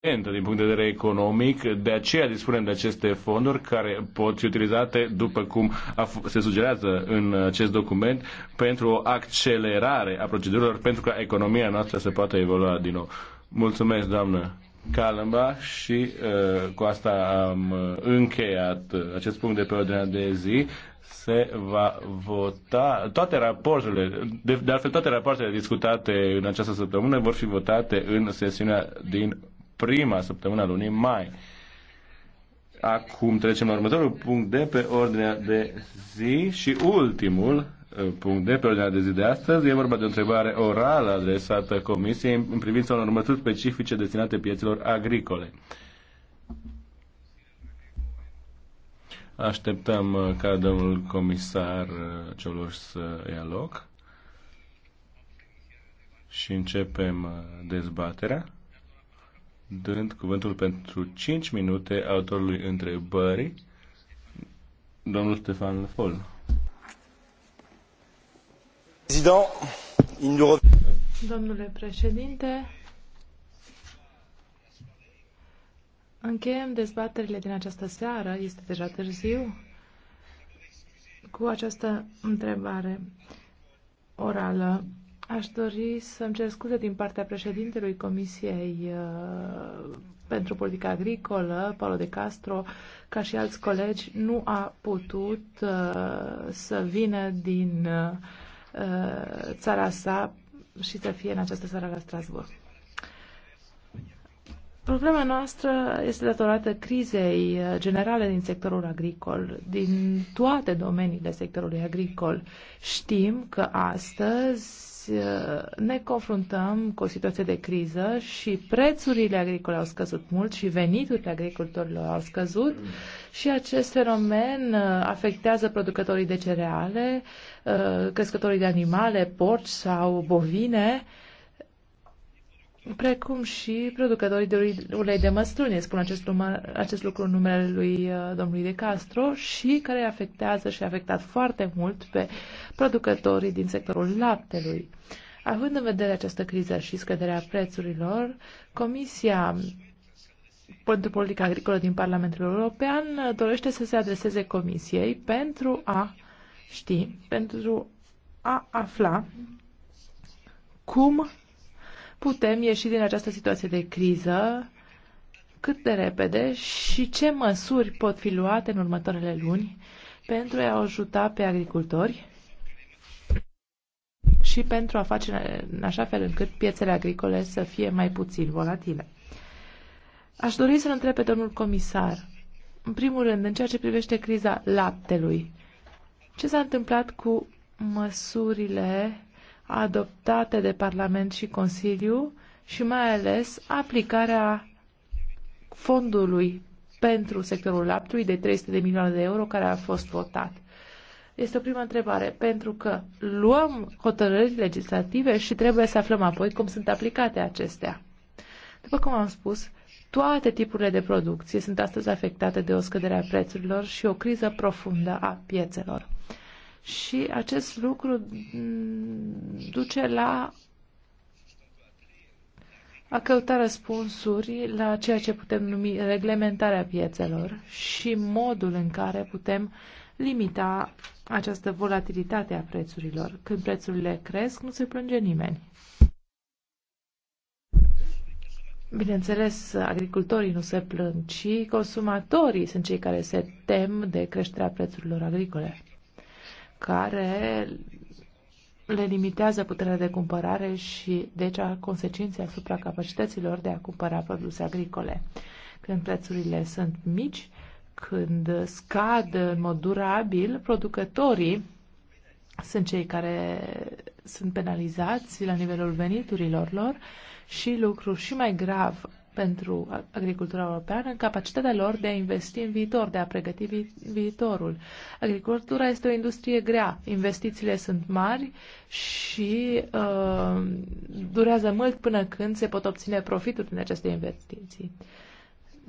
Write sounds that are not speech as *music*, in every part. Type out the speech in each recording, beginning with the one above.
evident din punct de vedere economic, de aceea dispunem de aceste fonduri care pot fi utilizate, după cum se sugerează în acest document, pentru o accelerare a procedurilor pentru ca economia noastră să poată evolua din nou. Mulțumesc, doamnă Calamba și uh, cu asta am uh, încheiat uh, acest punct de pe ordinea de zi se va vota toate rapoartele, de, de altfel toate rapoartele discutate în această săptămână vor fi votate în sesiunea din prima săptămână a lunii mai. Acum trecem la următorul punct de pe ordinea de zi și ultimul uh, punct de pe ordinea de zi de astăzi. E vorba de o întrebare orală adresată Comisiei în privința unor măsuri specifice destinate pieților agricole. Așteptăm uh, ca domnul comisar uh, Cioloș să ia loc și începem dezbaterea dând cuvântul pentru 5 minute autorului întrebării, domnul Stefan Lefol. Domnule președinte, încheiem dezbaterile din această seară, este deja târziu, cu această întrebare orală. Aș dori să-mi cer scuze din partea președintelui Comisiei uh, pentru Politica Agricolă, Paolo de Castro, ca și alți colegi, nu a putut uh, să vină din uh, țara sa și să fie în această seară la Strasbourg. Problema noastră este datorată crizei generale din sectorul agricol, din toate domeniile sectorului agricol. Știm că astăzi astăzi uh, ne confruntăm cu o situație de criză și prețurile agricole au scăzut mult și veniturile agricultorilor au scăzut și acest fenomen uh, afectează producătorii de cereale, uh, crescătorii de animale, porci sau bovine precum și producătorii de ulei de măsline, spun acest, număr, acest lucru în numele lui uh, domnului De Castro, și care afectează și a afectat foarte mult pe producătorii din sectorul laptelui. Având în vedere această criză și scăderea prețurilor, Comisia pentru Politica Agricolă din Parlamentul European dorește să se adreseze Comisiei pentru a ști, pentru a afla cum putem ieși din această situație de criză cât de repede și ce măsuri pot fi luate în următoarele luni pentru a ajuta pe agricultori și pentru a face în așa fel încât piețele agricole să fie mai puțin volatile. Aș dori să-l întreb pe domnul comisar, în primul rând, în ceea ce privește criza laptelui, ce s-a întâmplat cu măsurile adoptate de Parlament și Consiliu și mai ales aplicarea fondului pentru sectorul laptului de 300 de milioane de euro care a fost votat. Este o primă întrebare, pentru că luăm hotărâri legislative și trebuie să aflăm apoi cum sunt aplicate acestea. După cum am spus, toate tipurile de producție sunt astăzi afectate de o scădere a prețurilor și o criză profundă a piețelor și acest lucru duce la a căuta răspunsuri la ceea ce putem numi reglementarea piețelor și modul în care putem limita această volatilitate a prețurilor. Când prețurile cresc, nu se plânge nimeni. Bineînțeles, agricultorii nu se plâng, ci consumatorii sunt cei care se tem de creșterea prețurilor agricole care le limitează puterea de cumpărare și, deci, a consecinței asupra capacităților de a cumpăra produse agricole. Când prețurile sunt mici, când scad în mod durabil, producătorii sunt cei care sunt penalizați la nivelul veniturilor lor și, lucru și mai grav, pentru agricultura europeană, capacitatea lor de a investi în viitor, de a pregăti vi- viitorul. Agricultura este o industrie grea, investițiile sunt mari și uh, durează mult până când se pot obține profituri din aceste investiții. Uh,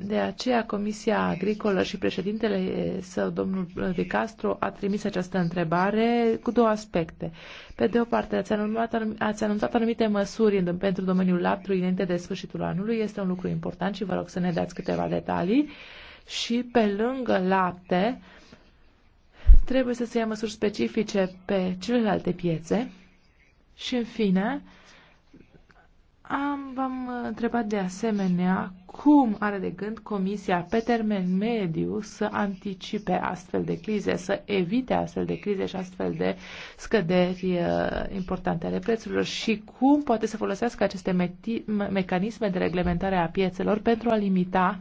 de aceea Comisia Agricolă și președintele său, domnul De Castro, a trimis această întrebare cu două aspecte. Pe de o parte, ați anunțat, ați anunțat anumite măsuri pentru domeniul laptului înainte de sfârșitul anului. Este un lucru important și vă rog să ne dați câteva detalii. Și pe lângă lapte, trebuie să se ia măsuri specifice pe celelalte piețe. Și în fine, am, v-am întrebat de asemenea cum are de gând Comisia pe termen mediu să anticipe astfel de crize, să evite astfel de crize și astfel de scăderi uh, importante ale prețurilor și cum poate să folosească aceste me mecanisme de reglementare a piețelor pentru a limita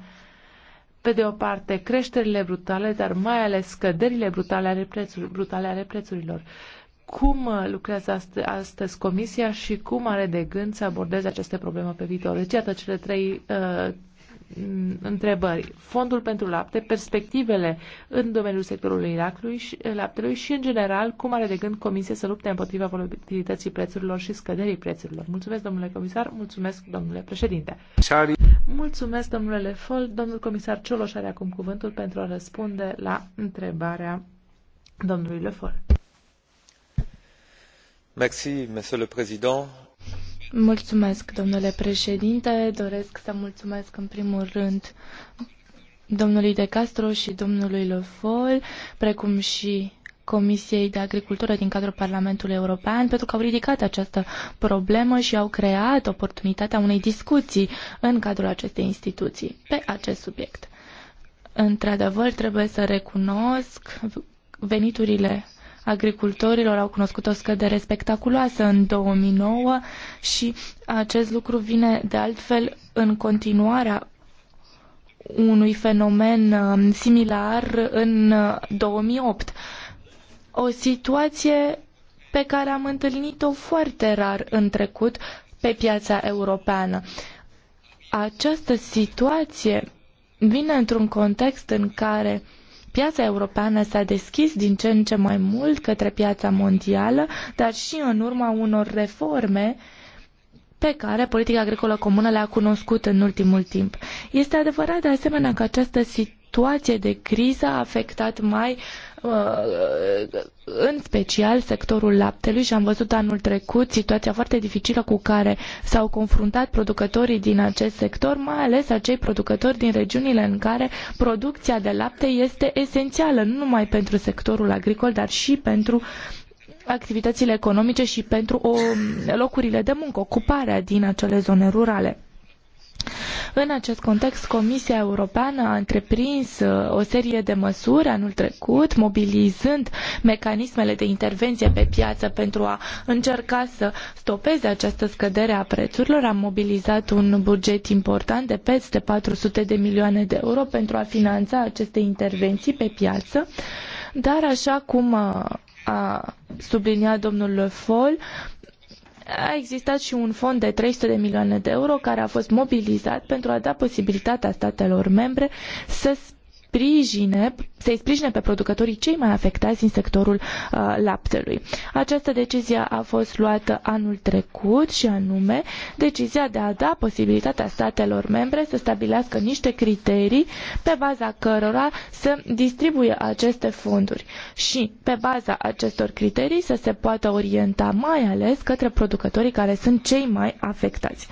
pe de o parte creșterile brutale, dar mai ales scăderile brutale ale, prețuri, brutale ale prețurilor. Uh, cum uh, lucrează astăzi Comisia și cum are de gând să abordeze aceste probleme pe viitor. Deci, iată cele trei uh, întrebări. Fondul pentru lapte, perspectivele în domeniul sectorului lactului și, uh, laptelui și, în general, cum are de gând Comisia să lupte împotriva volatilității prețurilor și scăderii prețurilor. Mulțumesc, domnule comisar, mulțumesc, domnule președinte. Sorry. Mulțumesc, domnule Lefol. Domnul comisar Cioloș are acum cuvântul pentru a răspunde la întrebarea domnului Lefol. Mulțumesc, domnule președinte. Doresc să mulțumesc în primul rând domnului De Castro și domnului Le precum și Comisiei de Agricultură din cadrul Parlamentului European pentru că au ridicat această problemă și au creat oportunitatea unei discuții în cadrul acestei instituții pe acest subiect. Într-adevăr, trebuie să recunosc veniturile agricultorilor au cunoscut o scădere spectaculoasă în 2009 și acest lucru vine de altfel în continuarea unui fenomen um, similar în 2008. Uh, o situație pe care am întâlnit-o foarte rar în trecut pe piața europeană. Această situație vine într-un context în care Piața europeană s-a deschis din ce în ce mai mult către piața mondială, dar și în urma unor reforme pe care politica agricolă comună le-a cunoscut în ultimul timp. Este adevărat de asemenea că această situație de criză a afectat mai uh, Uh, în special sectorul laptelui și am văzut anul trecut situația foarte dificilă cu care s-au confruntat producătorii din acest sector, mai ales acei producători din regiunile în care producția de lapte este esențială, nu numai pentru sectorul agricol, dar și pentru activitățile economice și pentru o, um, locurile de muncă, ocuparea din acele zone rurale. În acest context, Comisia Europeană a întreprins uh, o serie de măsuri anul trecut, mobilizând mecanismele de intervenție pe piață pentru a încerca să stopeze această scădere a prețurilor. Am mobilizat un buget important de peste 400 de milioane de euro pentru a finanța aceste intervenții pe piață. Dar așa cum uh, a subliniat domnul Le Foll, a existat și un fond de 300 de milioane de euro care a fost mobilizat pentru a da posibilitatea statelor membre să sprijine, să-i sprijine pe producătorii cei mai afectați din sectorul uh, laptelui. Această decizie a fost luată anul trecut și anume decizia de a da posibilitatea statelor membre să stabilească niște criterii pe baza cărora să distribuie aceste fonduri și pe baza acestor criterii să se poată orienta mai ales către producătorii care sunt cei mai afectați.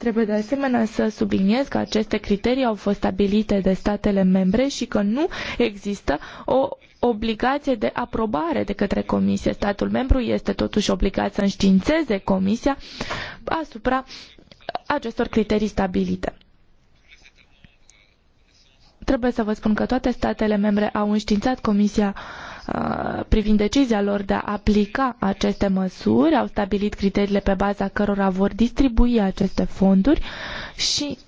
Trebuie de asemenea să subliniez că aceste criterii au fost stabilite de statele membre și că nu există o obligație de aprobare de către comisie. Statul membru este totuși obligat să înștiințeze comisia asupra acestor criterii stabilite. Trebuie să vă spun că toate statele membre au înștiințat comisia uh, Uh, privind decizia lor de a aplica aceste măsuri, au stabilit criteriile pe baza cărora vor distribui aceste fonduri și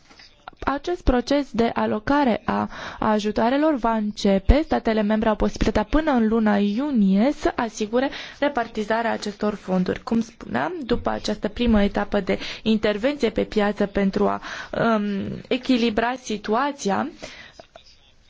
acest proces de alocare a ajutoarelor va începe. Statele membre au posibilitatea până în luna iunie să asigure repartizarea acestor fonduri. Cum spuneam, după această primă etapă de intervenție pe piață pentru a um, echilibra situația, uh,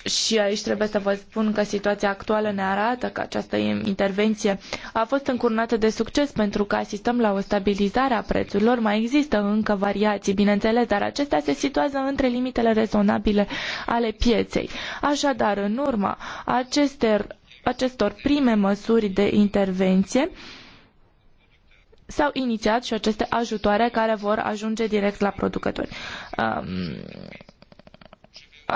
și aici trebuie să vă spun că situația actuală ne arată că această intervenție a fost încurnată de succes pentru că asistăm la o stabilizare a prețurilor. Mai există încă variații, bineînțeles, dar acestea se situează între limitele rezonabile ale pieței. Așadar, în urma acestor, acestor prime măsuri de intervenție, s-au inițiat și aceste ajutoare care vor ajunge direct la producători. Um,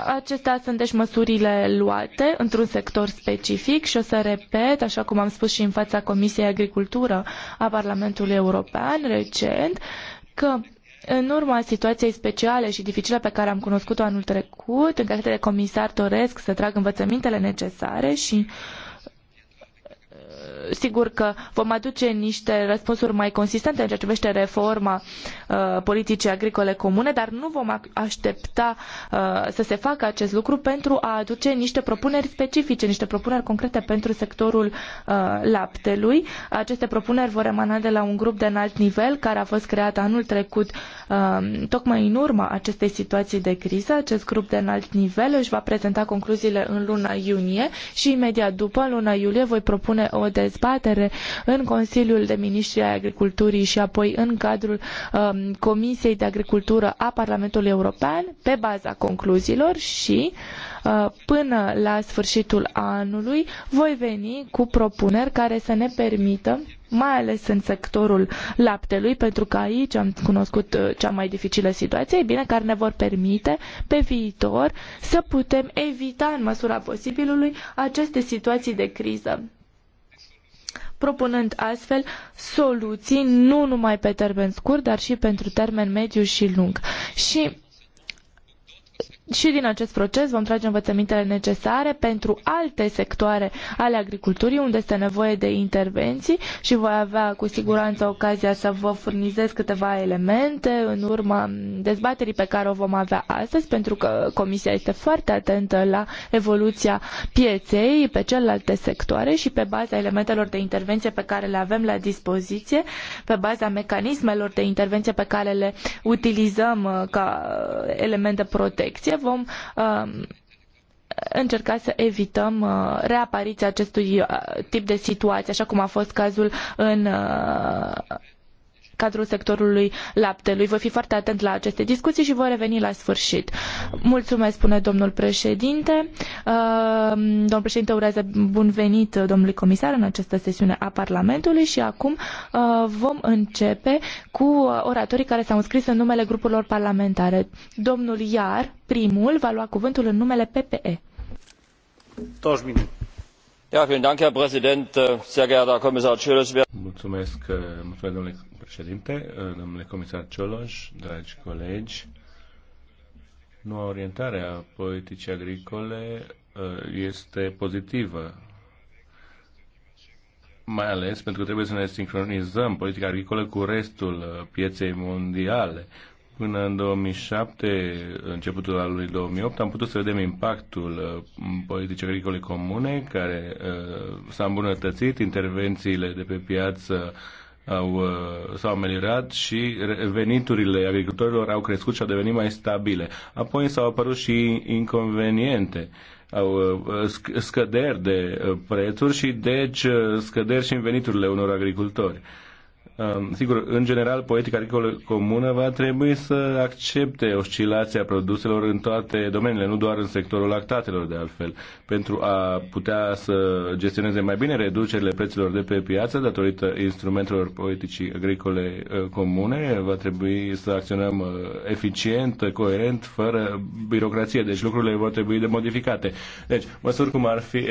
Acestea sunt deci măsurile luate într-un sector specific și o să repet, așa cum am spus și în fața Comisiei Agricultură a Parlamentului European recent, că în urma situației speciale și dificile pe care am cunoscut-o anul trecut, în calitate de comisar doresc să trag învățămintele necesare și uh, sigur că vom aduce niște răspunsuri mai consistente în ceea ce privește reforma uh, politicii agricole comune, dar nu vom aștepta uh, să se facă acest lucru pentru a aduce niște propuneri specifice, niște propuneri concrete pentru sectorul uh, laptelui. Aceste propuneri vor emana de la un grup de înalt nivel care a fost creat anul trecut uh, tocmai în urma acestei situații de criză. Acest grup de înalt nivel își va prezenta concluziile în luna iunie și imediat după, luna iulie, voi propune o dezbatere dezbatere în Consiliul de Ministri ai Agriculturii și apoi în cadrul um, Comisiei de Agricultură a Parlamentului European pe baza concluziilor și uh, până la sfârșitul anului voi veni cu propuneri care să ne permită mai ales în sectorul laptelui, pentru că aici am cunoscut uh, cea mai dificilă situație, e bine, care ne vor permite pe viitor să putem evita în măsura posibilului aceste situații de criză propunând astfel soluții nu numai pe termen scurt, dar și pentru termen mediu și lung. Și și din acest proces vom trage învățămintele necesare pentru alte sectoare ale agriculturii unde este nevoie de intervenții și voi avea cu siguranță ocazia să vă furnizez câteva elemente în urma dezbaterii pe care o vom avea astăzi pentru că Comisia este foarte atentă la evoluția pieței pe celelalte sectoare și pe baza elementelor de intervenție pe care le avem la dispoziție, pe baza mecanismelor de intervenție pe care le utilizăm uh, ca uh, element de protecție vom um, încerca să evităm uh, reapariția acestui uh, tip de situație, așa cum a fost cazul în uh, cadrul sectorului laptelui. Voi fi foarte atent la aceste discuții și voi reveni la sfârșit. Mulțumesc, spune domnul președinte. Uh, domnul președinte urează bun venit domnului comisar în această sesiune a Parlamentului și acum uh, vom începe cu oratorii care s-au înscris în numele grupurilor parlamentare. Domnul Iar, primul, va lua cuvântul în numele PPE. 20 minute. Mulțumesc, mulțumesc, domnule președinte, domnule comisar Cioloș, dragi colegi, noua orientare a politicii agricole uh, este pozitivă, mai ales pentru că trebuie să ne sincronizăm politica agricolă cu restul uh, pieței mondiale. Până în 2007, începutul anului 2008, am putut să vedem impactul uh, politicii agricole comune, care s-a îmbunătățit, intervențiile de pe piață au, uh, s-au ameliorat și veniturile agricultorilor au crescut și au devenit mai stabile. Apoi s-au apărut și inconveniente au uh, scăderi de uh, prețuri și deci scăderi și în veniturile unor agricultori. Um, sigur, în general, poetica agricolă comună va trebui să accepte oscilația produselor în toate domeniile, nu doar în sectorul lactatelor, de altfel, pentru a putea să gestioneze mai bine reducerile prețurilor de pe piață datorită instrumentelor politicii agricole uh, comune. Va trebui să acționăm uh, eficient, coerent, fără birocrație, deci lucrurile vor trebui de modificate. Deci, măsuri cum ar fi uh,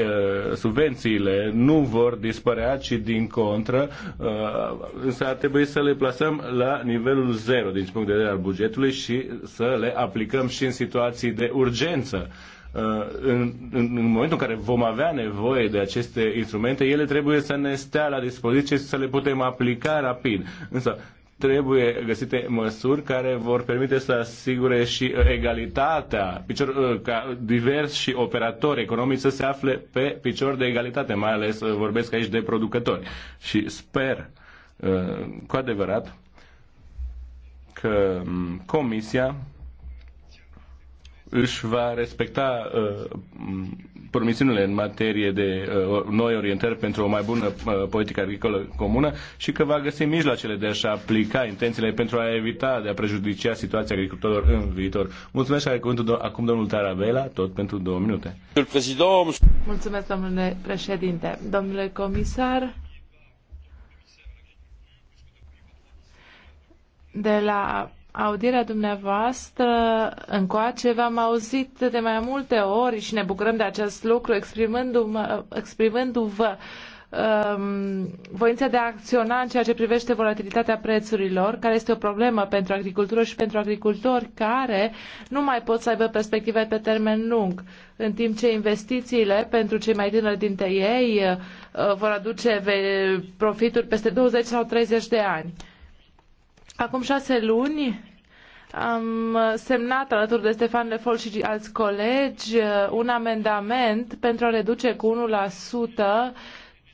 subvențiile nu vor dispărea, ci din contră însă ar trebui să le plasăm la nivelul zero din punct de vedere al bugetului și să le aplicăm și în situații de urgență. Uh, în, în, în momentul în care vom avea nevoie de aceste instrumente, ele trebuie să ne stea la dispoziție și să le putem aplica rapid. Însă, trebuie găsite măsuri care vor permite să asigure și uh, egalitatea, picior, uh, ca divers și operatori economici să se afle pe picior de egalitate, mai ales vorbesc aici de producători. Și sper Uh, cu adevărat că um, Comisia își va respecta uh, um, promisiunile în materie de uh, noi orientări pentru o mai bună uh, politică agricolă comună și că va găsi mijloacele de a-și aplica intențiile pentru a evita de a prejudicia situația agricultorilor în viitor. Mulțumesc și cuvântul do- acum domnul Tarabela, tot pentru două minute. Mulțumesc, domnule președinte. Domnule comisar, De la audierea dumneavoastră încoace v-am auzit de mai multe ori și ne bucurăm de acest lucru exprimându-vă exprimându um, voința de a acționa în ceea ce privește volatilitatea prețurilor, care este o problemă pentru agricultură și pentru agricultori care nu mai pot să aibă perspective pe termen lung, în timp ce investițiile pentru cei mai tineri dintre ei uh, vor aduce profituri peste 20 sau 30 de ani. Acum șase luni am semnat alături de Stefan Lefol și alți colegi uh, un amendament pentru a reduce cu 1%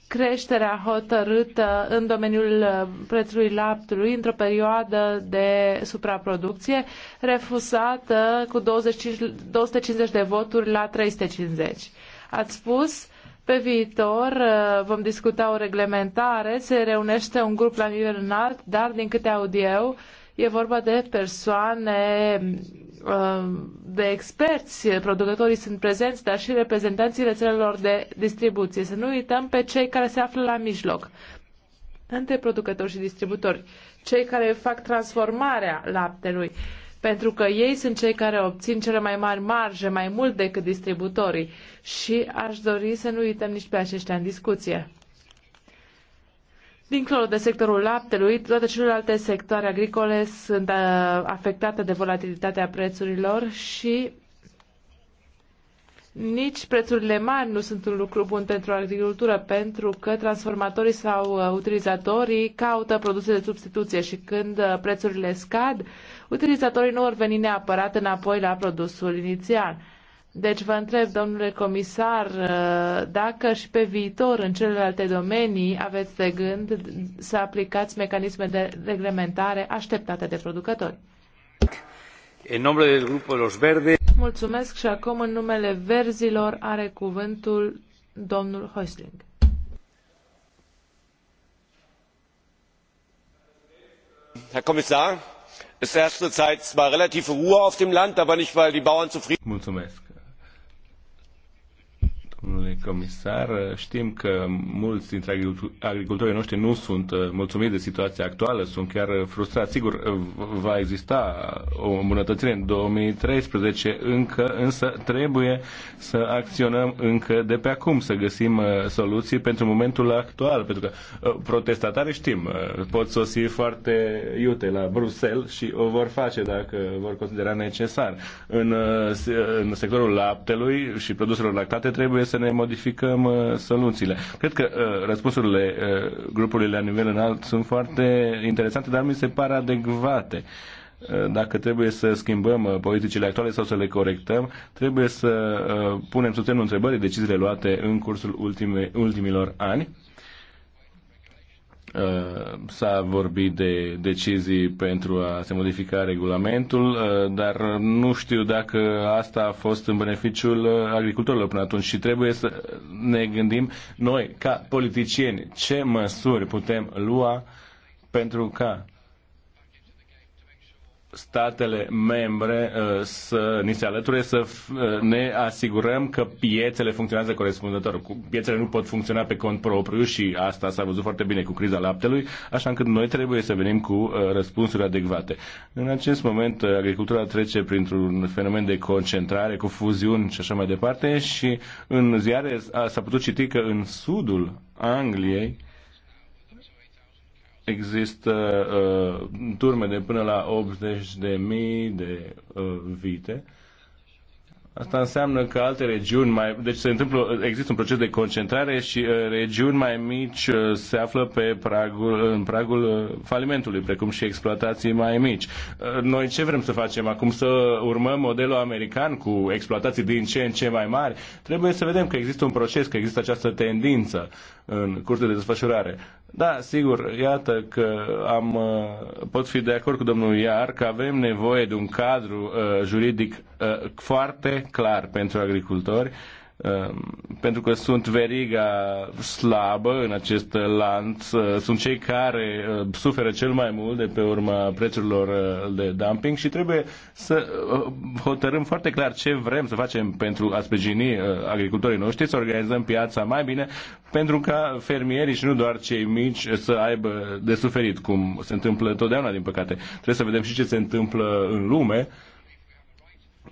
creșterea hotărâtă în domeniul uh, prețului laptelui într-o perioadă de supraproducție, refuzată cu 25, 250 de voturi la 350. Ați spus pe viitor uh, vom discuta o reglementare, se reunește un grup la nivel înalt, dar din câte aud eu, e vorba de persoane, uh, de experți, producătorii sunt prezenți, dar și reprezentanții rețelelor de distribuție. Să nu uităm pe cei care se află la mijloc între producători și distributori, cei care fac transformarea laptelui pentru că ei sunt cei care obțin cele mai mari marje, mai mult decât distributorii. Și aș dori să nu uităm nici pe aceștia în discuție. Dincolo de sectorul laptelui, toate celelalte sectoare agricole sunt uh, afectate de volatilitatea prețurilor și nici prețurile mari nu sunt un lucru bun pentru agricultură, pentru că transformatorii sau uh, utilizatorii caută produse de substituție și când uh, prețurile scad, utilizatorii nu vor veni neapărat înapoi la produsul inițial. Deci vă întreb, domnule comisar, uh, dacă și pe viitor în celelalte domenii aveți de gând să aplicați mecanisme de reglementare așteptate de producători. Mulțumesc acum în numele are cuvântul domnul Herr Kommissar, es herrscht zurzeit zwar relative Ruhe auf dem Land, aber nicht, weil die Bauern zufrieden sind comisar, știm că mulți dintre agricultorii noștri nu sunt uh, mulțumiți de situația actuală, sunt chiar uh, frustrați. Sigur, uh, va exista o îmbunătățire în 2013 încă, însă trebuie să acționăm încă de pe acum, să găsim soluții pentru momentul actual, pentru că protestatarii știm, pot sosi foarte iute la Bruxelles și o vor face dacă vor considera necesar. În, în sectorul laptelui și produselor lactate trebuie să ne modificăm modificăm uh, soluțiile. Cred că uh, răspunsurile uh, grupului la nivel înalt sunt foarte interesante, dar mi se par adecvate dacă trebuie să schimbăm politicile actuale sau să le corectăm, trebuie să punem sub semnul întrebării deciziile luate în cursul ultime, ultimilor ani Uh, s-a vorbit de decizii pentru a se modifica regulamentul, uh, dar nu știu dacă asta a fost în beneficiul uh, agricultorilor până atunci și trebuie să ne gândim noi, ca politicieni, ce măsuri putem lua pentru ca statele membre uh, să ni se alăture, să uh, ne asigurăm că piețele funcționează corespunzător. Piețele nu pot funcționa pe cont propriu și asta s-a văzut foarte bine cu criza laptelui, așa încât noi trebuie să venim cu uh, răspunsuri adecvate. În acest moment, agricultura trece printr-un fenomen de concentrare, cu fuziuni și așa mai departe și în ziare s-a putut citi că în sudul Angliei, există uh, turme de până la 80.000 de mii de uh, vite Asta înseamnă că alte regiuni mai. Deci se întâmplă, există un proces de concentrare și uh, regiuni mai mici uh, se află pe pragul, în pragul uh, falimentului, precum și exploatații mai mici. noi ce vrem să facem acum? Să urmăm modelul american cu exploatații din ce în ce mai mari? Trebuie să vedem că există un proces, că există această tendință în curte de desfășurare. Da, sigur, iată că am, pot fi de acord cu domnul Iar că avem nevoie de un cadru uh, juridic uh, foarte clar pentru agricultori, um, pentru că sunt veriga slabă în acest lanț, uh, sunt cei care uh, suferă cel mai mult de pe urma prețurilor uh, de dumping și trebuie să hotărâm foarte clar ce vrem să facem pentru a sprijini agricultorii noștri, să organizăm piața mai bine, pentru ca fermierii și nu doar cei mici să aibă de suferit, cum se întâmplă întotdeauna, din păcate. Trebuie să vedem și ce se întâmplă în lume,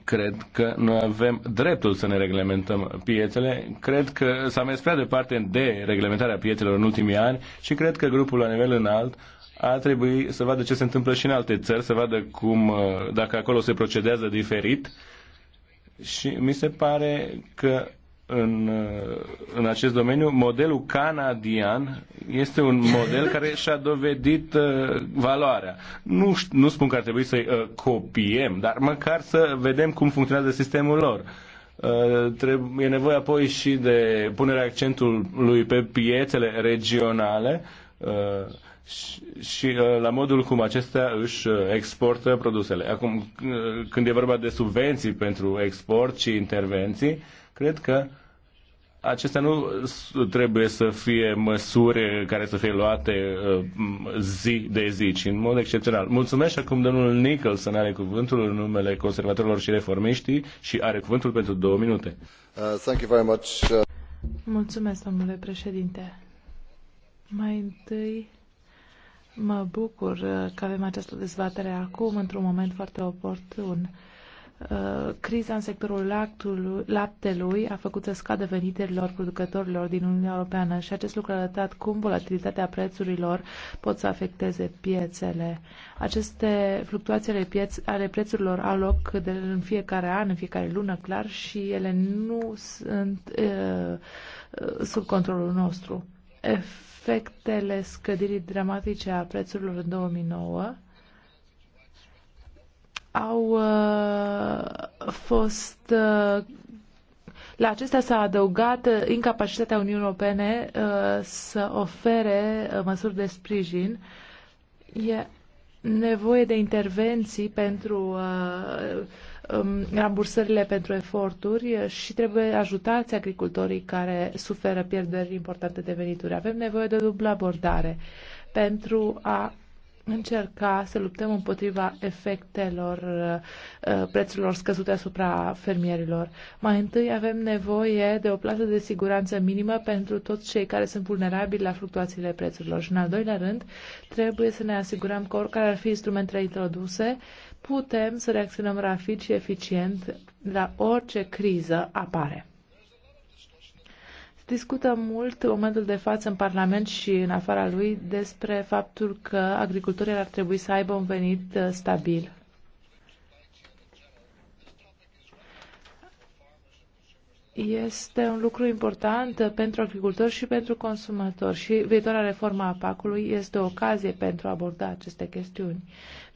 cred că noi avem dreptul să ne reglementăm piețele. Cred că s-a mers prea departe de reglementarea piețelor în ultimii ani și cred că grupul la nivel înalt a trebui să vadă ce se întâmplă și în alte țări, să vadă cum, uh, dacă acolo se procedează diferit. Și mi se pare că în, în acest domeniu, modelul canadian este un model care și-a dovedit uh, valoarea. Nu, nu spun că ar trebui să-i uh, copiem, dar măcar să vedem cum funcționează sistemul lor. Uh, trebuie, e nevoie apoi și de punerea accentului pe piețele regionale uh, și, și uh, la modul cum acestea își uh, exportă produsele. Acum, uh, când e vorba de subvenții pentru export și intervenții, uh, Cred că acestea nu trebuie să fie măsuri care să fie luate uh, zi de zi, ci în mod excepțional. Mulțumesc acum domnul să are cuvântul în numele conservatorilor și reformiștii și are cuvântul pentru două minute. Uh, thank you very much. Uh, Mulțumesc, domnule președinte. Mai întâi mă bucur că avem această dezbatere acum, într-un moment foarte oportun. Uh, criza în sectorul laptelui a făcut să scadă veniturilor producătorilor din Uniunea Europeană și acest lucru a arătat cum volatilitatea prețurilor pot să afecteze piețele. Aceste fluctuații ale, pieț, ale prețurilor au loc de, în fiecare an, în fiecare lună, clar, și ele nu sunt uh, sub controlul nostru. Efectele scăderii dramatice a prețurilor în 2009 au uh, fost uh, la acestea s-a adăugat incapacitatea Uniunii Europene uh, să ofere măsuri de sprijin. E nevoie de intervenții pentru um, rambursările pentru eforturi și trebuie ajutați agricultorii care suferă pierderi importante de venituri. Avem nevoie de dublă abordare pentru a încerca să luptăm împotriva efectelor uh, uh, prețurilor scăzute asupra fermierilor. Mai întâi avem nevoie de o plată de siguranță minimă pentru toți cei care sunt vulnerabili la fluctuațiile prețurilor. Și în al doilea rând, trebuie să ne asigurăm că oricare ar fi instrumentele introduse, putem să reacționăm rapid și eficient la orice criză apare discută mult în momentul de față în Parlament și în afara lui despre faptul că agricultorii ar trebui să aibă un venit uh, stabil. Este un lucru important uh, pentru agricultori și pentru consumatori și viitoarea reformă a PAC-ului este o ocazie pentru a aborda aceste chestiuni.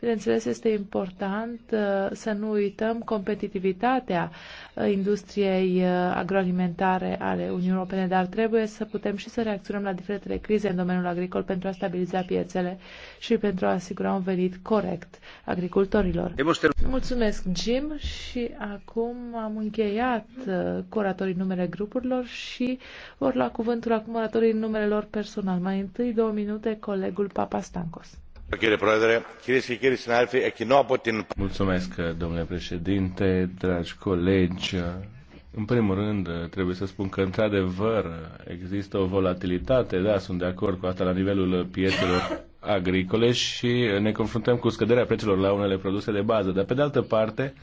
Bineînțeles, este important uh, să nu uităm competitivitatea uh, industriei uh, agroalimentare ale Uniunii Europene, dar trebuie să putem și să reacționăm la diferitele crize în domeniul agricol pentru a stabiliza piețele și pentru a asigura un venit corect agricultorilor. Mulțumesc, Jim, și acum am încheiat cu oratorii numele grupurilor și vor la cuvântul acum oratorii numelelor personal. Mai întâi două minute colegul Papa Stancos. Mulțumesc, domnule președinte, dragi colegi. În primul rând, trebuie să spun că, într-adevăr, există o volatilitate, da, sunt de acord cu asta, la nivelul piețelor agricole și ne confruntăm cu scăderea prețurilor la unele produse de bază. Dar, pe de altă parte,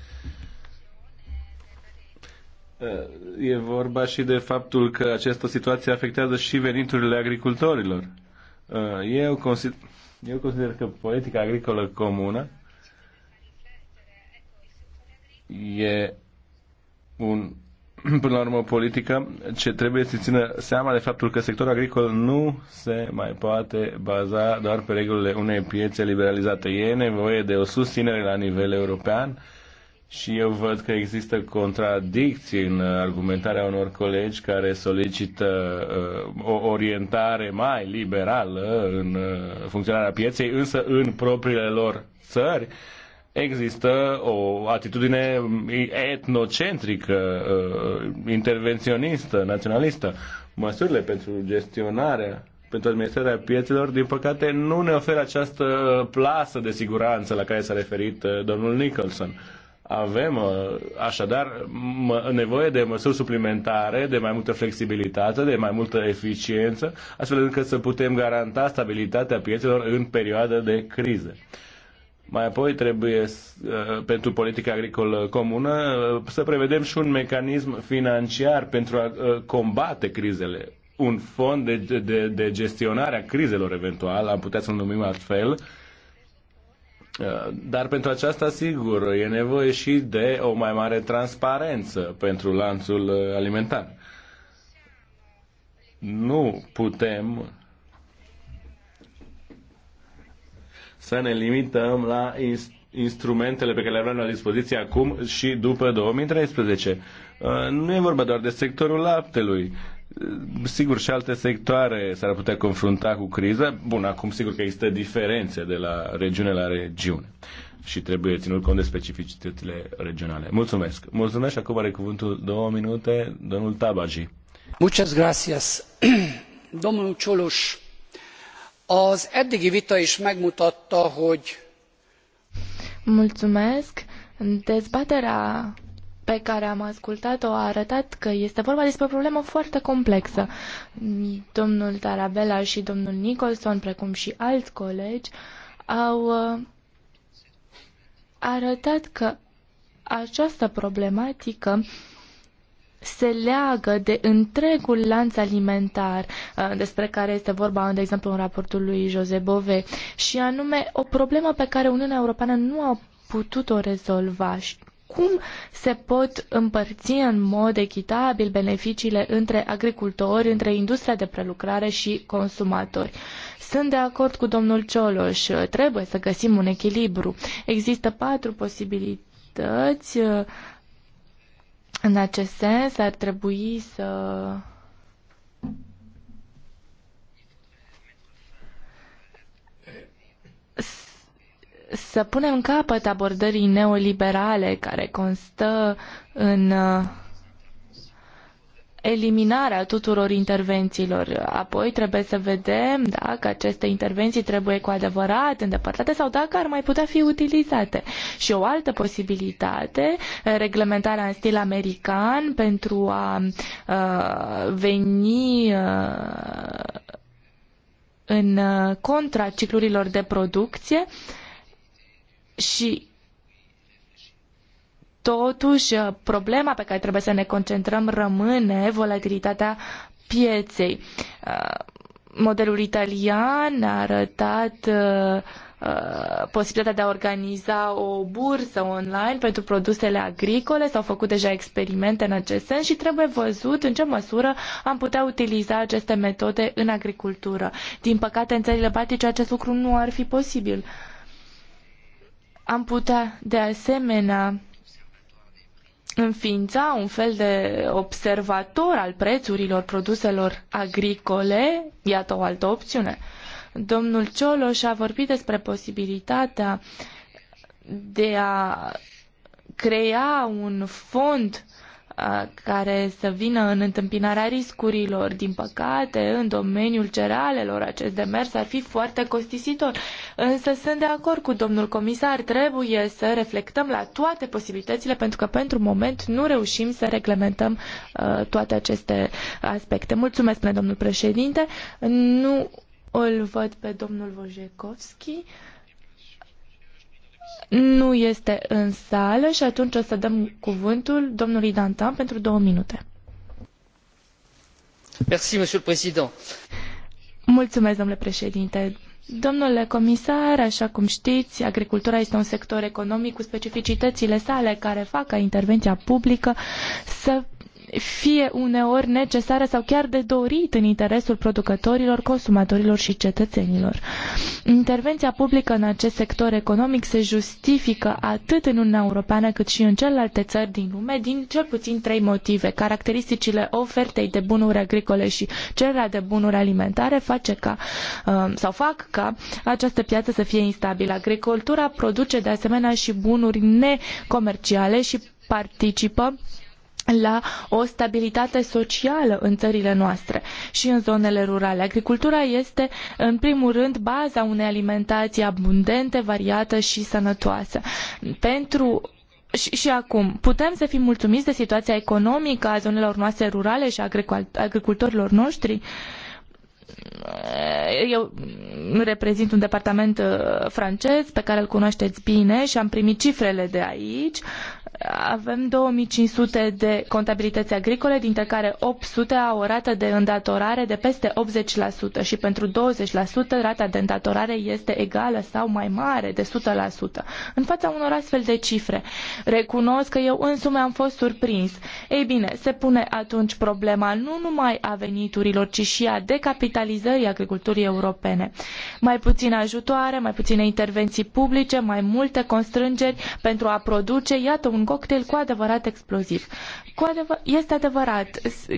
e vorba și de faptul că această situație afectează și veniturile agricultorilor. Eu consider eu consider că politica agricolă comună e un, *clears throat* până la urmă o politică ce trebuie să țină seama de faptul că sectorul agricol nu se mai poate baza doar pe regulile unei piețe liberalizate. E nevoie de o susținere la nivel european și eu văd că există contradicții în argumentarea unor colegi care solicită uh, o orientare mai liberală în uh, funcționarea pieței, însă în propriile lor țări există o atitudine etnocentrică, uh, intervenționistă, naționalistă. Măsurile pentru gestionarea pentru administrarea piețelor, din păcate, nu ne oferă această uh, plasă de siguranță la care s-a referit uh, domnul Nicholson avem uh, așadar nevoie de măsuri suplimentare, de mai multă flexibilitate, de mai multă eficiență, astfel încât să putem garanta stabilitatea piețelor în perioada de criză. Mai apoi trebuie uh, pentru politica agricolă comună uh, să prevedem și un mecanism financiar pentru a combate crizele. Un fond de, de, de gestionare a crizelor eventual, am putea să-l numim altfel, Uh, dar pentru aceasta, sigur, e nevoie și de o mai mare transparență pentru lanțul uh, alimentar. Nu putem să ne limităm la instrumentele pe care le avem la dispoziție acum și după 2013. Uh, nu e vorba doar de sectorul laptelui. Sigur, și alte sectoare s-ar putea confrunta cu criza. Bun, acum sigur că există diferențe de la regiune la regiune și trebuie ținut cont de specificitățile regionale. Mulțumesc. Mulțumesc acum are cuvântul două minute domnul Tabagi. Muchas gracias. *clears throat* Domnul Cioloș, az eddigi vita is megmutatta, hogy Mulțumesc. Dezbaterea pe care am ascultat-o a arătat că este vorba despre o problemă foarte complexă. Domnul Tarabella și domnul Nicholson, precum și alți colegi, au uh, arătat că această problematică se leagă de întregul lanț alimentar uh, despre care este vorba, de exemplu, în raportul lui Jose Bove, și anume o problemă pe care Uniunea Europeană nu a putut-o rezolva cum se pot împărți în mod echitabil beneficiile între agricultori, între industria de prelucrare și consumatori. Sunt de acord cu domnul Cioloș, trebuie să găsim un echilibru. Există patru posibilități uh, în acest sens, ar trebui să să punem capăt abordării neoliberale care constă în uh, eliminarea tuturor intervențiilor. Apoi trebuie să vedem dacă aceste intervenții trebuie cu adevărat îndepărtate sau dacă ar mai putea fi utilizate. Și o altă posibilitate, reglementarea în stil american pentru a uh, veni uh, în uh, contra ciclurilor de producție uh, și totuși problema pe care trebuie să ne concentrăm rămâne volatilitatea pieței. Uh, modelul italian a arătat uh, uh, posibilitatea de a organiza o bursă online pentru produsele agricole. S-au făcut deja experimente în acest sens și trebuie văzut în ce măsură am putea utiliza aceste metode în agricultură. Din păcate, în țările baltice acest lucru nu ar fi posibil. Am putea de asemenea înființa un fel de observator al prețurilor produselor agricole, iată o altă opțiune. Domnul Cioloș a vorbit despre posibilitatea de a crea un fond care să vină în întâmpinarea riscurilor. Din păcate, în domeniul cerealelor, acest demers ar fi foarte costisitor. Însă sunt de acord cu domnul comisar, trebuie să reflectăm la toate posibilitățile, pentru că pentru moment nu reușim să reglementăm uh, toate aceste aspecte. Mulțumesc, domnul președinte. Nu îl văd pe domnul Vojekovski nu este în sală și atunci o să dăm cuvântul domnului Dantan pentru două minute. Merci, monsieur le président. Mulțumesc, domnule președinte. Domnule comisar, așa cum știți, agricultura este un sector economic cu specificitățile sale care fac ca intervenția publică să fie uneori necesară sau chiar de dorit în interesul producătorilor, consumatorilor și cetățenilor. Intervenția publică în acest sector economic se justifică atât în Uniunea Europeană cât și în celelalte țări din lume din cel puțin trei motive. Caracteristicile ofertei de bunuri agricole și cererea de bunuri alimentare face ca, um, sau fac ca această piață să fie instabilă. Agricultura produce de asemenea și bunuri necomerciale și participă la o stabilitate socială în țările noastre și în zonele rurale. Agricultura este, în primul rând, baza unei alimentații abundente, variată și sănătoasă. Pentru și, și acum, putem să fim mulțumiți de situația economică a zonelor noastre rurale și a agricultorilor noștri? eu reprezint un departament uh, francez pe care îl cunoașteți bine și am primit cifrele de aici avem 2500 de contabilități agricole, dintre care 800 au o rată de îndatorare de peste 80% și pentru 20% rata de îndatorare este egală sau mai mare de 100%. În fața unor astfel de cifre, recunosc că eu însumi am fost surprins. Ei bine, se pune atunci problema nu numai a veniturilor, ci și a decapitalizării agriculturii europene. Mai puține ajutoare, mai puține intervenții publice, mai multe constrângeri pentru a produce, iată un cocktail cu adevărat exploziv. Cu adevă- este adevărat,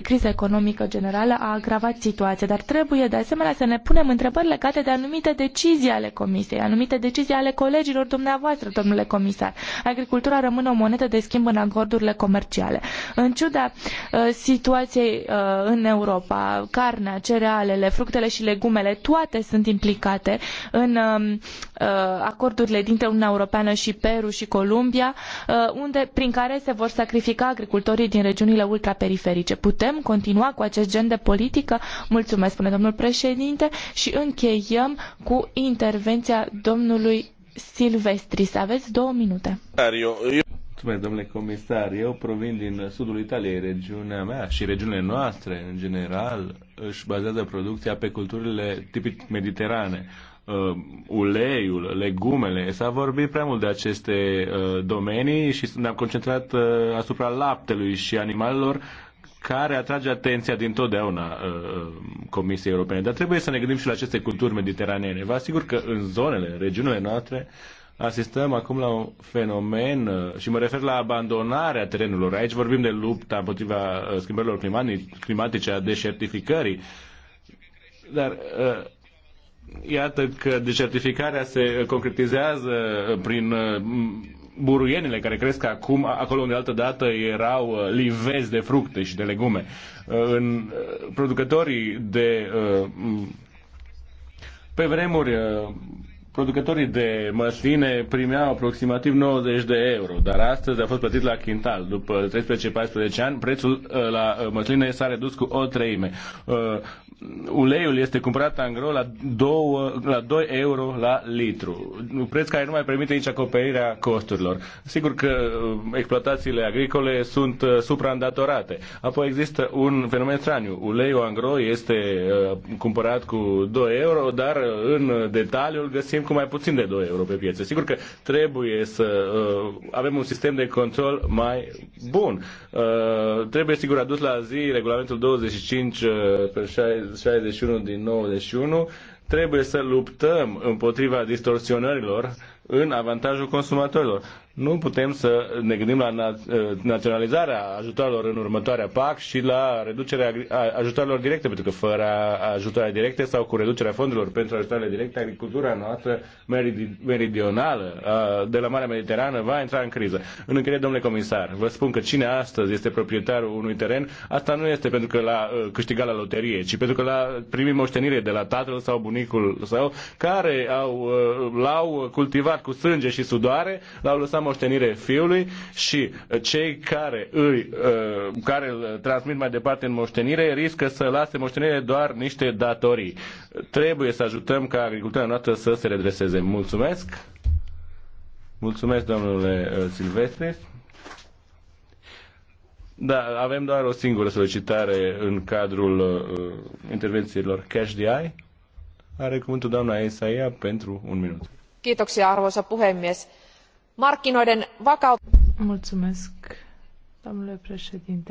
criza economică generală a agravat situația, dar trebuie de asemenea să ne punem întrebări legate de anumite decizii ale Comisiei, anumite decizii ale colegilor dumneavoastră, domnule comisar. Agricultura rămâne o monedă de schimb în acordurile comerciale. În ciuda uh, situației uh, în Europa, carnea, cerealele, fructele și legumele, toate sunt implicate în um, uh, acordurile dintre Uniunea Europeană și Peru și Columbia, uh, unde prin care se vor sacrifica agricultorii din regiunile ultraperiferice. Putem continua cu acest gen de politică? Mulțumesc, spune domnul președinte, și încheiem cu intervenția domnului Silvestri. Să aveți două minute. Mulțumesc, domnule comisar. Eu provin din sudul Italiei, regiunea mea și regiunile noastre, în general, își bazează producția pe culturile tipic mediterane uh, uleiul, legumele. S-a vorbit prea mult de aceste uh, domenii și ne-am concentrat uh, asupra laptelui și animalelor care atrage atenția din totdeauna uh, uh, Comisiei Europene. Dar trebuie să ne gândim și la aceste culturi mediteraneene. Vă asigur că în zonele, în regiunile noastre, asistăm acum la un fenomen uh, și mă refer la abandonarea terenurilor. Aici vorbim de lupta împotriva uh, schimbărilor climatice, a deșertificării. Dar uh, iată că desertificarea se concretizează prin uh, buruienile care cresc acum, acolo unde altă dată erau uh, livezi de fructe și de legume. Uh, în producătorii de pe vremuri producătorii de măsline primeau aproximativ 90 de euro, dar astăzi a fost plătit la quintal. După 13-14 ani, prețul ă, la ă, măsline s-a redus cu o treime. Ă, uleiul este cumpărat angro la 2, la 2 euro la litru, un preț care nu mai permite nici acoperirea costurilor. Sigur că exploatațiile agricole sunt supraîndatorate. Apoi există un fenomen straniu. Uleiul angro este cumpărat cu 2 euro, dar în detaliu îl găsim cu mai puțin de 2 euro pe piețe. Sigur că trebuie să uh, avem un sistem de control mai bun. Uh, trebuie, sigur, adus la zi regulamentul 25 uh, pe 61 din 91. Trebuie să luptăm împotriva distorsionărilor în avantajul consumatorilor nu putem să ne gândim la ă, naționalizarea ajutoarelor în următoarea PAC și la reducerea ajutoarelor directe, pentru că fără ajutoare directe sau cu reducerea fondurilor pentru ajutoarele directe, agricultura noastră meridională de la Marea Mediterană va intra în criză. În încheiere, domnule comisar, vă spun că cine astăzi este proprietarul unui teren, asta nu este pentru că l-a ă, câștigat la loterie, ci pentru că l-a primit moștenire de la tatăl sau bunicul sau care au, ă, l-au cultivat cu sânge și sudoare, l-au lăsat moștenire fiului și uh, cei care îi uh, care îl transmit mai departe în moștenire riscă să lase moștenire doar niște datorii. Trebuie să ajutăm ca agricultura noastră să se redreseze. Mulțumesc! Mulțumesc, domnule uh, Silvestre. Da, avem doar o singură solicitare în cadrul uh, intervențiilor Cash DI. Are cuvântul doamna Esaia pentru un minut. Kiitoksia, arvoisa puhemies markkinoiden vakauttaminen.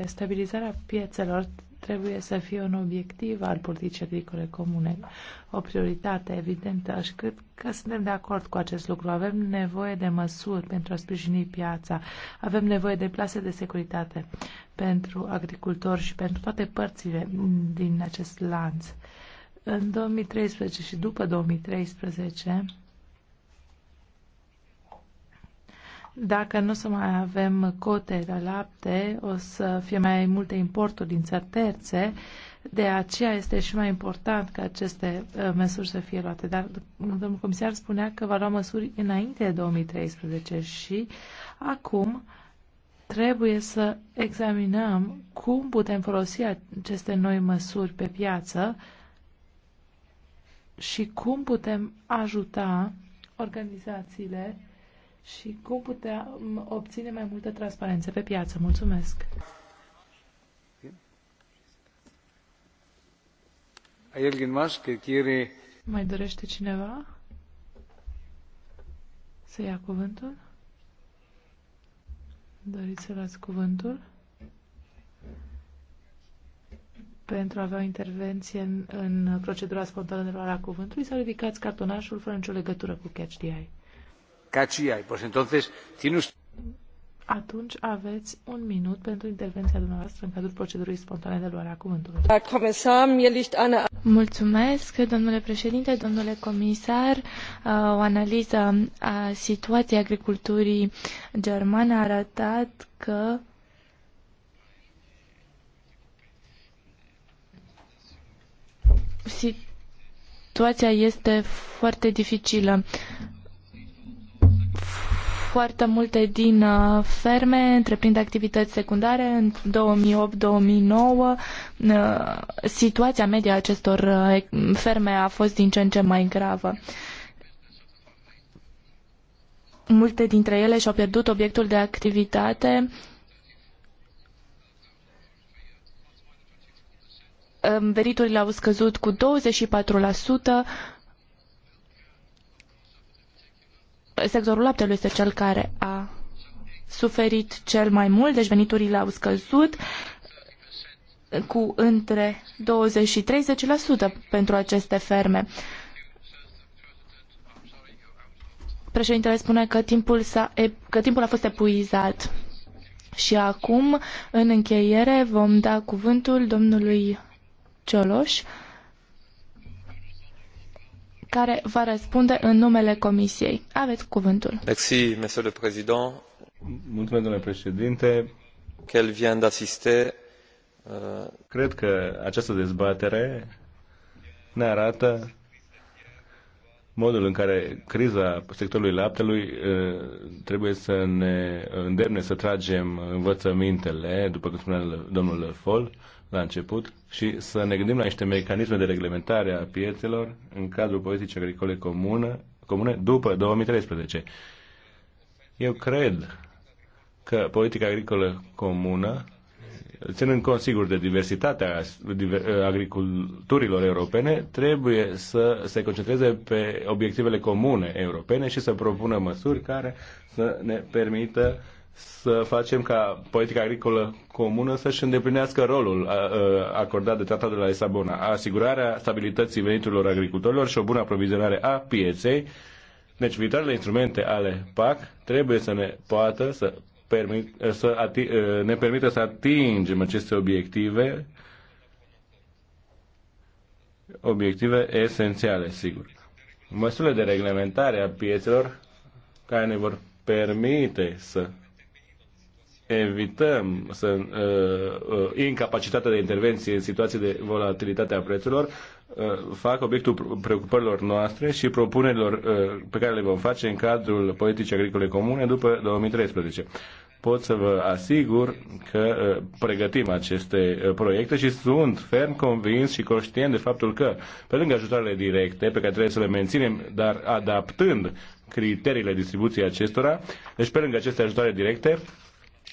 Stabilizarea piețelor trebuie să fie un obiectiv al politicii agricole comune, o prioritate evidentă și cred că suntem de acord cu acest lucru. Avem nevoie de măsuri pentru a sprijini piața, avem nevoie de plase de securitate pentru agricultori și pentru toate părțile din acest lanț. În 2013 și după 2013 Dacă nu o să mai avem cote de lapte, o să fie mai multe importuri din țări terțe, de aceea este și mai important ca aceste uh, măsuri să fie luate. Dar domnul comisar spunea că va lua măsuri înainte de 2013 și acum trebuie să examinăm cum putem folosi aceste noi măsuri pe piață și cum putem ajuta organizațiile și cum putem obține mai multă transparență pe piață. Mulțumesc! Mai dorește cineva să ia cuvântul? Doriți să luați cuvântul? Pentru a avea o intervenție în, în procedura spontană de luarea cuvântului sau ridicați cartonașul fără nicio legătură cu Catch the Eye? Atunci aveți un minut pentru intervenția dumneavoastră în cadrul procedurii spontane de luare a cuvântului. Mulțumesc, domnule președinte, domnule comisar. Uh, o analiză a situației agriculturii germane a arătat că situația este foarte dificilă. Foarte multe din uh, ferme întreprind activități secundare în 2008-2009. Uh, situația media acestor uh, ferme a fost din ce în ce mai gravă. Multe dintre ele și-au pierdut obiectul de activitate veriturile au scăzut cu 24%, sectorul laptelui este cel care a suferit cel mai mult, deci veniturile au scăzut cu între 20 și 30% pentru aceste ferme. Președintele spune că timpul, s-a, că timpul a fost epuizat. Și acum, în încheiere, vom da cuvântul domnului Cioloș care va răspunde în numele Comisiei. Aveți cuvântul. Merci, monsieur le président. Mulțumesc, domnule președinte. Quel vient d'assister. Uh... Cred că această dezbatere ne arată modul în care criza sectorului laptelui uh, trebuie să ne îndemne să tragem învățămintele, după cum spunea domnul Foll, la început și să ne gândim la niște mecanisme de reglementare a piețelor în cadrul politicii agricole comune, comune după 2013. Eu cred că politica agricolă comună, ținând cont sigur de diversitatea agriculturilor europene, trebuie să se concentreze pe obiectivele comune europene și să propună măsuri care să ne permită să facem ca politica agricolă comună să-și îndeplinească rolul acordat de tratatul de la Lisabona, asigurarea stabilității veniturilor agricultorilor și o bună aprovizionare a pieței. Deci viitoarele instrumente ale PAC trebuie să ne poată să, permit, să ati, ne permită să atingem aceste obiective obiective esențiale, sigur. Măsurile de reglementare a piețelor care ne vor permite să evităm să, uh, uh, incapacitatea de intervenție în situații de volatilitate a prețurilor, uh, fac obiectul preocupărilor noastre și propunerilor uh, pe care le vom face în cadrul politicii agricole comune după 2013 pot să vă asigur că uh, pregătim aceste uh, proiecte și sunt ferm convins și conștient de faptul că, pe lângă ajutoarele directe, pe care trebuie să le menținem, dar adaptând criteriile distribuției acestora, deci pe lângă aceste ajutoare directe,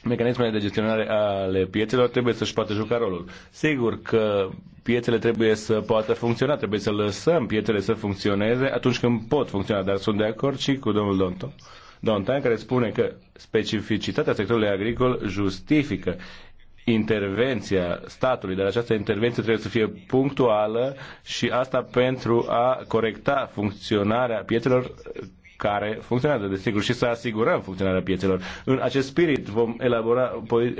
mecanismele de gestionare ale piețelor trebuie să-și poată juca rolul. Sigur că piețele trebuie să poată funcționa, trebuie să lăsăm piețele să funcționeze atunci când pot funcționa, dar sunt de acord și cu domnul Donton. Dontan care spune că specificitatea sectorului agricol justifică intervenția statului, dar această intervenție trebuie să fie punctuală și asta pentru a corecta funcționarea piețelor care funcționează, desigur, și să asigurăm funcționarea piețelor. În acest spirit vom elabora uh,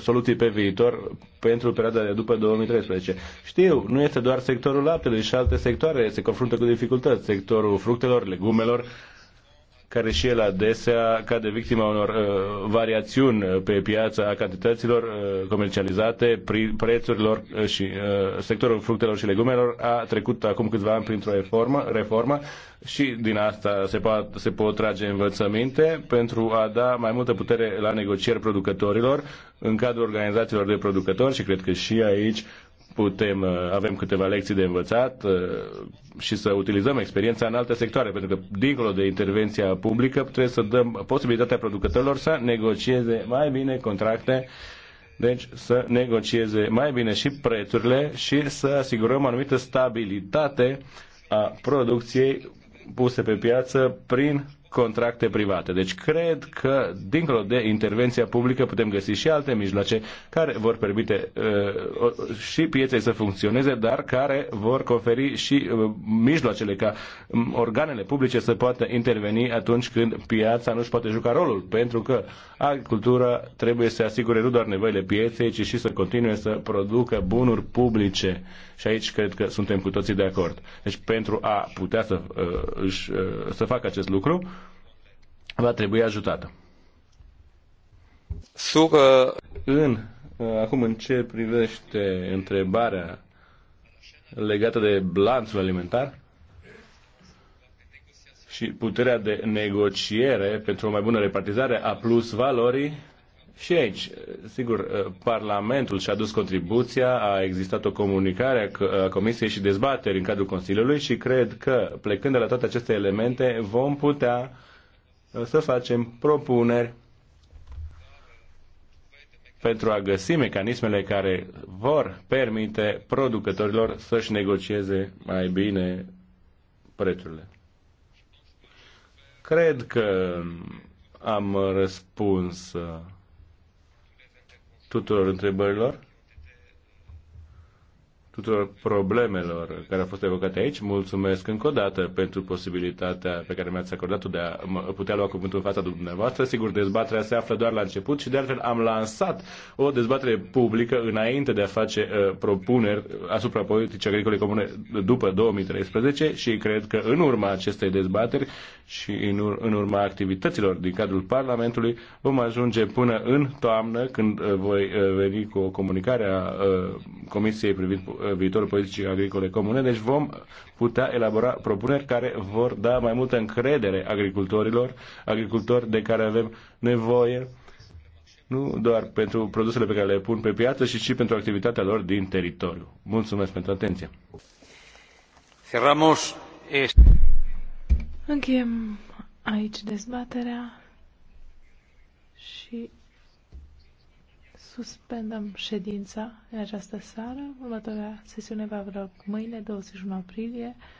soluții pe viitor pentru perioada de după 2013. Știu, nu este doar sectorul laptelui și alte sectoare se confruntă cu dificultăți, sectorul fructelor, legumelor, care și el adesea cade victima unor uh, variațiuni uh, pe piața a cantităților uh, comercializate, pri, prețurilor uh, și uh, sectorul fructelor și legumelor a trecut acum câțiva ani printr-o reformă, reformă și din asta se, po- se pot trage învățăminte pentru a da mai multă putere la negocieri producătorilor în cadrul organizațiilor de producători și cred că și aici putem, uh, avem câteva lecții de învățat uh, și să utilizăm experiența în alte sectoare, pentru că dincolo de intervenția publică trebuie să dăm posibilitatea producătorilor să negocieze mai bine contracte, deci să negocieze mai bine și prețurile și să asigurăm anumită stabilitate a producției puse pe piață prin contracte private. Deci cred că, dincolo de intervenția publică, putem găsi și alte mijloace care vor permite uh, și pieței să funcționeze, dar care vor conferi și uh, mijloacele ca um, organele publice să poată interveni atunci când piața nu-și poate juca rolul, pentru că agricultura trebuie să asigure nu doar nevoile pieței, ci și să continue să producă bunuri publice. Și aici cred că suntem cu toții de acord. Deci pentru a putea să, uh, își, uh, să facă acest lucru, va trebui ajutată. Sucă. Uh, în, uh, acum în ce privește întrebarea legată de blanțul alimentar și puterea de negociere pentru o mai bună repartizare a plus valorii, și aici, sigur, uh, Parlamentul și-a dus contribuția, a existat o comunicare a Comisiei și dezbateri în cadrul Consiliului și cred că, plecând de la toate aceste elemente, vom putea uh, să facem propuneri pentru a găsi mecanismele care vor permite producătorilor să-și negocieze mai bine prețurile. Cred că am răspuns uh, tuturor întrebărilor tuturor problemelor care au fost evocate aici. Mulțumesc încă o dată pentru posibilitatea pe care mi-ați acordat-o de a putea lua cuvântul în fața dumneavoastră. Sigur, dezbaterea se află doar la început și de altfel am lansat o dezbatere publică înainte de a face uh, propuneri asupra politicii agricole comune după 2013 și cred că în urma acestei dezbateri și în, ur- în urma activităților din cadrul Parlamentului vom ajunge până în toamnă când uh, voi uh, veni cu o comunicare a uh, Comisiei privind uh, viitorul politicii agricole comune, deci vom putea elabora propuneri care vor da mai multă încredere agricultorilor, agricultori de care avem nevoie, nu doar pentru produsele pe care le pun pe piață, ci și pentru activitatea lor din teritoriu. Mulțumesc pentru atenție. Cerramos. Încheiem aici dezbaterea și suspendăm ședința în această seară. Următoarea sesiune va avea loc mâine, 21 aprilie.